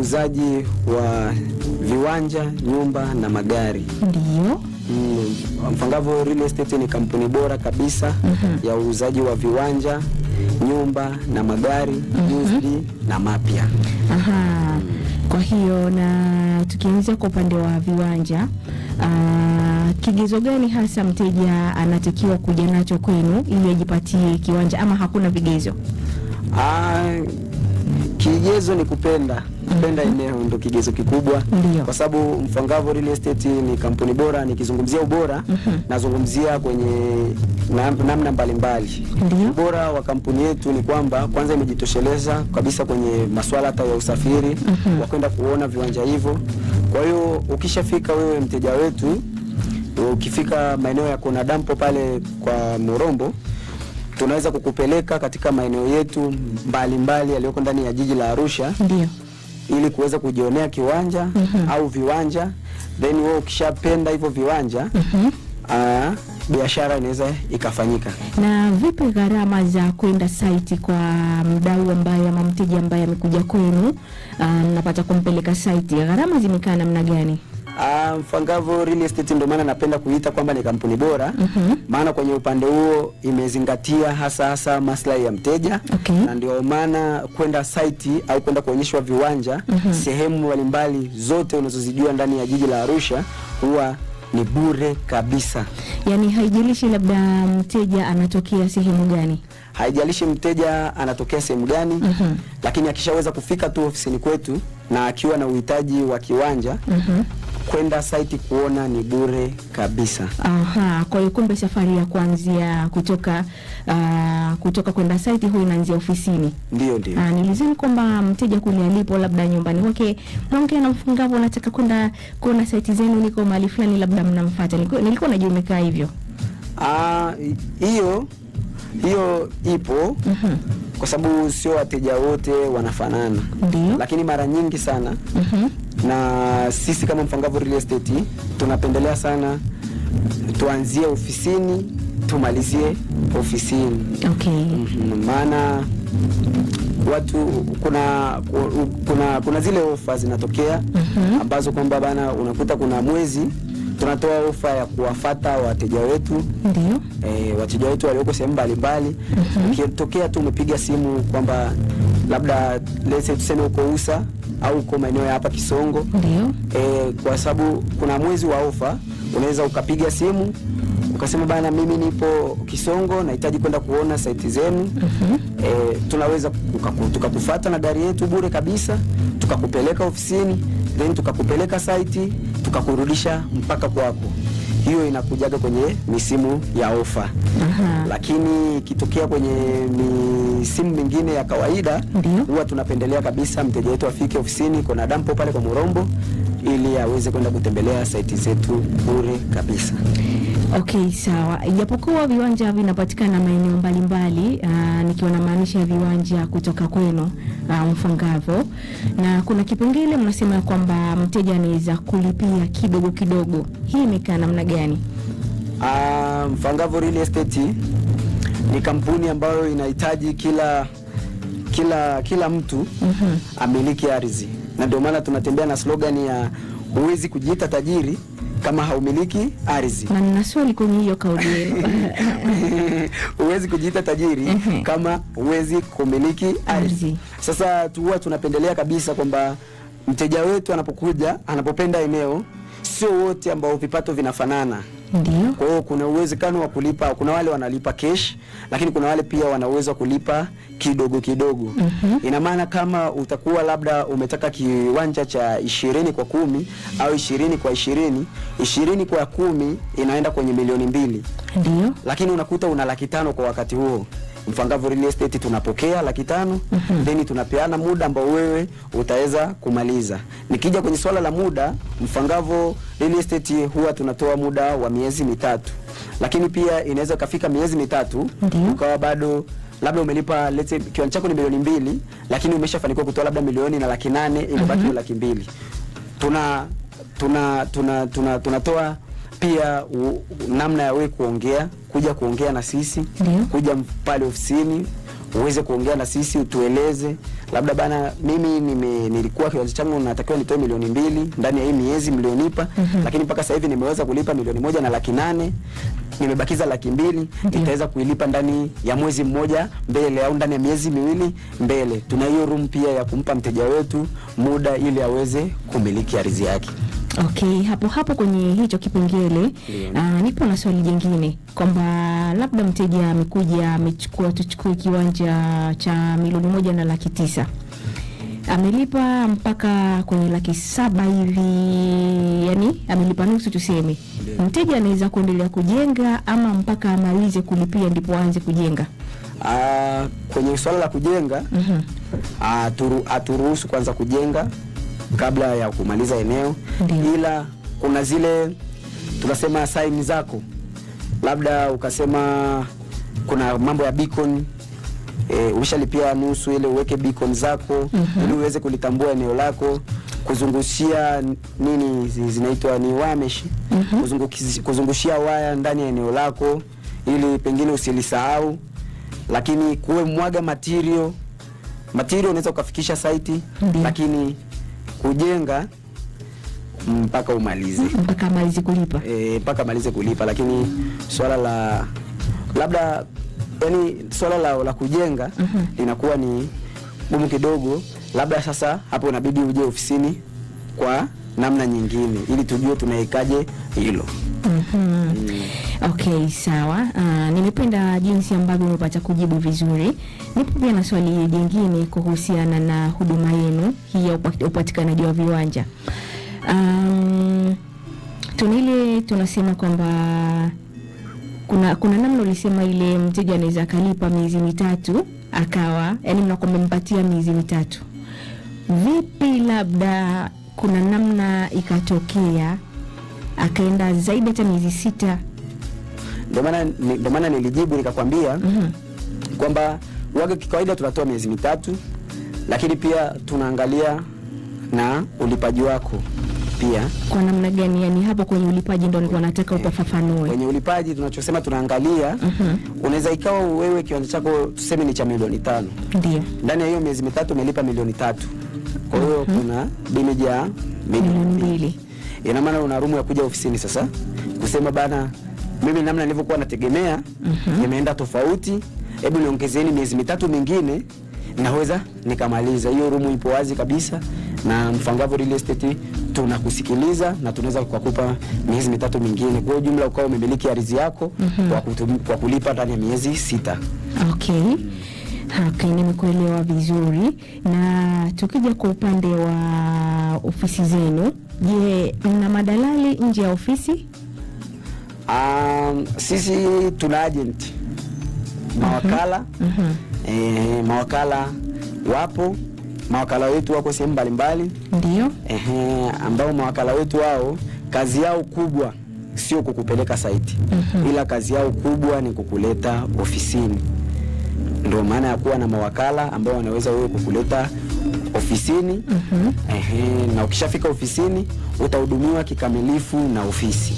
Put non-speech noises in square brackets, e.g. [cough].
wauzaji wa viwanja, nyumba na magari. Ndio. Mm, Mfwangavo Real Estate ni kampuni bora kabisa mm -hmm. ya uuzaji wa viwanja, nyumba na magari mm -hmm. used na mapya. Aha. Mm. Kwa hiyo na tukianzia kwa upande wa viwanja Uh, kigezo gani hasa mteja anatakiwa kuja nacho kwenu ili ajipatie kiwanja ama hakuna vigezo? Uh, kigezo ni kupenda kupenda eneo ndo kigezo kikubwa, kwa sababu Mfwangavo Real Estate ni kampuni bora. Nikizungumzia ubora mm -hmm. nazungumzia kwenye namna mbalimbali. Ubora wa kampuni yetu ni kwamba kwanza imejitosheleza kabisa kwenye masuala hata ya usafiri mm -hmm. wa kwenda kuona viwanja hivyo. Kwa hiyo ukishafika wewe mteja wetu, ukifika maeneo ya kona dampo pale kwa Morombo tunaweza kukupeleka katika maeneo yetu mbalimbali yaliyoko ndani ya jiji la Arusha. Ndiyo ili kuweza kujionea kiwanja mm -hmm. au viwanja then wewe ukishapenda hivyo viwanja mm -hmm. aa, ah, biashara inaweza ikafanyika. Na vipi gharama za kwenda site kwa mdau ambaye ama mteja ambaye amekuja kwenu, ah, napata kumpeleka site, gharama zimekaa namna gani? Uh, ah, Mfwangavo Real Estate ndio maana napenda kuita kwamba ni kampuni bora mm -hmm. Maana kwenye upande huo imezingatia hasa hasa maslahi ya mteja okay. Na ndio maana kwenda site au kwenda kuonyeshwa viwanja mm -hmm. Sehemu mbalimbali zote unazozijua ndani ya jiji la Arusha huwa ni bure kabisa, yaani haijalishi labda mteja anatokea sehemu gani haijalishi mteja anatokea sehemu gani mm -hmm. Lakini akishaweza kufika tu ofisini kwetu na akiwa na uhitaji wa kiwanja mm -hmm kwenda site kuona ni bure kabisa. Aha, kwa hiyo kumbe safari ya kuanzia kutoka uh, kutoka kwenda site huyu inaanzia ofisini. Ndio, ndio. Ah, nilizeni kwamba mteja kule alipo labda nyumbani kwake mwongea na mfungapo, nataka kwenda kuona site zenu, niko mahali fulani, labda mnamfuata. Nilikuwa najiumekaa hivyo. Ah, hiyo hiyo ipo mm-hmm. kwa sababu sio wateja wote wanafanana Ndiyo. lakini mara nyingi sana mm-hmm. na sisi kama Mfwangavo Real Estate tunapendelea sana tuanzie ofisini tumalizie ofisini okay. mm-hmm. maana watu kuna kuna kuna zile ofa zinatokea mm-hmm. ambazo kwamba bana unakuta kuna mwezi tunatoa ofa ya kuwafata wateja wetu ndio, e, wateja wetu walioko sehemu mbalimbali. Mhm. Ukitokea tu umepiga simu kwamba labda lese tuseme uko Usa au uko maeneo ya hapa Kisongo ndio, e, kwa sababu kuna mwezi wa ofa, unaweza ukapiga simu ukasema bana, mimi nipo Kisongo, nahitaji kwenda kuona saiti zenu. mm -hmm. E, tunaweza tukakufuata na gari yetu bure kabisa tukakupeleka ofisini then tukakupeleka site tukakurudisha mpaka kwako. Hiyo inakujaga kwenye misimu ya ofa. Lakini ikitokea kwenye misimu mingine ya kawaida huwa tunapendelea kabisa mteja wetu afike ofisini, kuna dampo pale kwa Murombo ili aweze kwenda kutembelea saiti zetu bure kabisa. Okay, sawa. Ijapokuwa viwanja vinapatikana maeneo mbalimbali, ah, nikiwa namaanisha viwanja kutoka kwenu ah, mfangavo na kuna kipengele mnasema kwamba mteja anaweza kulipia kidogo kidogo, hii imekaa namna gani? Ah, Mfwangavo Real Estate ni kampuni ambayo inahitaji kila kila kila mtu mm -hmm. amiliki ardhi na ndio maana tunatembea na slogan ya huwezi kujiita tajiri kama haumiliki ardhi. Na nina swali kwenye hiyo kauli yenu. [laughs] Huwezi kujiita tajiri mm -hmm. kama huwezi kumiliki ardhi. Sasa tuwa tunapendelea kabisa kwamba mteja wetu anapokuja, anapopenda eneo, sio wote ambao vipato vinafanana. Ndiyo. Kwa hiyo kuna uwezekano wa kulipa, kuna wale wanalipa cash, lakini kuna wale pia wanaweza kulipa kidogo kidogo. mm -hmm. Ina maana kama utakuwa labda umetaka kiwanja cha ishirini kwa kumi au ishirini kwa ishirini, ishirini kwa kumi inaenda kwenye milioni mbili. Ndiyo. Lakini unakuta una laki tano kwa wakati huo Mfangavu Real Estate tunapokea laki tano mm -hmm. Then tunapeana muda ambao wewe utaweza kumaliza. Nikija kwenye swala la muda, Mfangavu Real Estate huwa tunatoa muda wa miezi mitatu, lakini pia inaweza kafika miezi mitatu mm -hmm. ukawa bado labda umelipa let's say kiwango chako ni milioni mbili, lakini umeshafanikiwa kutoa labda milioni na laki nane imebaki mm -hmm. laki mbili tuna tuna tuna tunatoa tuna pia u, namna ya wewe kuongea kuja kuongea na sisi Ndiyo. kuja pale ofisini uweze kuongea na sisi utueleze, labda bana, mimi nime, nilikuwa kiwanja changu natakiwa nitoe milioni mbili ndani ya hii miezi mlionipa mm -hmm. lakini mpaka sasa hivi nimeweza kulipa milioni moja na laki nane nimebakiza laki mbili nitaweza kuilipa ndani ya mwezi mmoja mbele au ndani ya miezi miwili mbele. Tuna hiyo room pia ya kumpa mteja wetu muda ili aweze kumiliki ardhi yake. Okay, hapo hapo kwenye hicho kipengele yeah. Nipo na swali jingine kwamba labda mteja amekuja amechukua, tuchukue kiwanja cha milioni moja na laki tisa amelipa mpaka kwenye laki saba hivi, yani amelipa nusu tuseme, yeah. Mteja anaweza kuendelea kujenga ama mpaka amalize kulipia ndipo aanze kujenga? Uh, kwenye swala la kujenga mhm. haturuhusu mm -hmm. uh, kwanza kujenga kabla ya kumaliza eneo Ndiyo. ila kuna zile tunasema saini zako, labda ukasema kuna mambo ya beacon e, ushalipia nusu ile uweke beacon zako mm -hmm. ili uweze kulitambua eneo lako kuzungushia nini zinaitwa ni wamesh mm -hmm. kuzungushia waya ndani ya eneo lako ili pengine usilisahau, lakini kuwe mwaga material material unaweza ukafikisha saiti mm -hmm. lakini kujenga mpaka umalize mpaka amalize kulipa e, mpaka amalize kulipa, lakini swala la labda yani swala la, la kujenga mhm. linakuwa ni gumu kidogo, labda sasa hapo unabidi uje ofisini kwa namna nyingine ili tujue tunaikaje hilo. Mm -hmm. Mm. Okay, sawa. Uh, ah, nimependa jinsi ambavyo umepata kujibu vizuri. Nipo pia na swali jingine kuhusiana na huduma yenu hii ya upatikanaji wa viwanja. Um, tunile tunasema kwamba kuna, kuna namna ulisema ile mteja anaweza akalipa miezi mitatu akawa, yani mnakuwa mmempatia miezi mitatu. Vipi labda kuna namna ikatokea akaenda zaidi hata miezi sita. Ndio maana nilijibu nikakwambia mm -hmm. kwamba waga kikawaida tunatoa miezi mitatu, lakini pia tunaangalia na ulipaji wako pia kwa namna gani. Yani hapo kwenye ulipaji ndo nilikuwa nataka upafafanue. Kwenye ulipaji tunachosema tunaangalia uh-huh. unaweza ikawa wewe kiwanja chako tuseme ni cha milioni tano, ndio ndani ya hiyo miezi mitatu umelipa milioni tatu kwa hiyo mhm. kuna bili ja milioni mbili. Ina maana una rumu ya kuja ofisini sasa kusema bana, mimi namna nilivyokuwa nategemea mhm. nimeenda tofauti, hebu niongezeni miezi mitatu mingine naweza nikamaliza. Hiyo rumu ipo wazi kabisa, na Mfwangavo Real Estate tunakusikiliza na tunaweza kukupa miezi mitatu mingine. Kwa hiyo jumla ukawa umemiliki ardhi yako mm -hmm. kwa, kutum, kwa kulipa ndani ya miezi sita. Okay. Haki, nimekuelewa vizuri. Na tukija kwa upande wa ofisi zenu, je, mna madalali nje ya ofisi? Um, sisi tuna agent mawakala. uh -huh. Uh -huh. E, mawakala wapo, mawakala wetu wako sehemu mbalimbali, ndio ehe, ambao mawakala wetu wao kazi yao kubwa sio kukupeleka saiti. uh mhm. -huh. Ila kazi yao kubwa ni kukuleta ofisini. Ndio maana ya kuwa na mawakala ambao wanaweza wewe kukuleta ofisini. mm -hmm. Ehe, na ukishafika ofisini utahudumiwa kikamilifu na ofisi.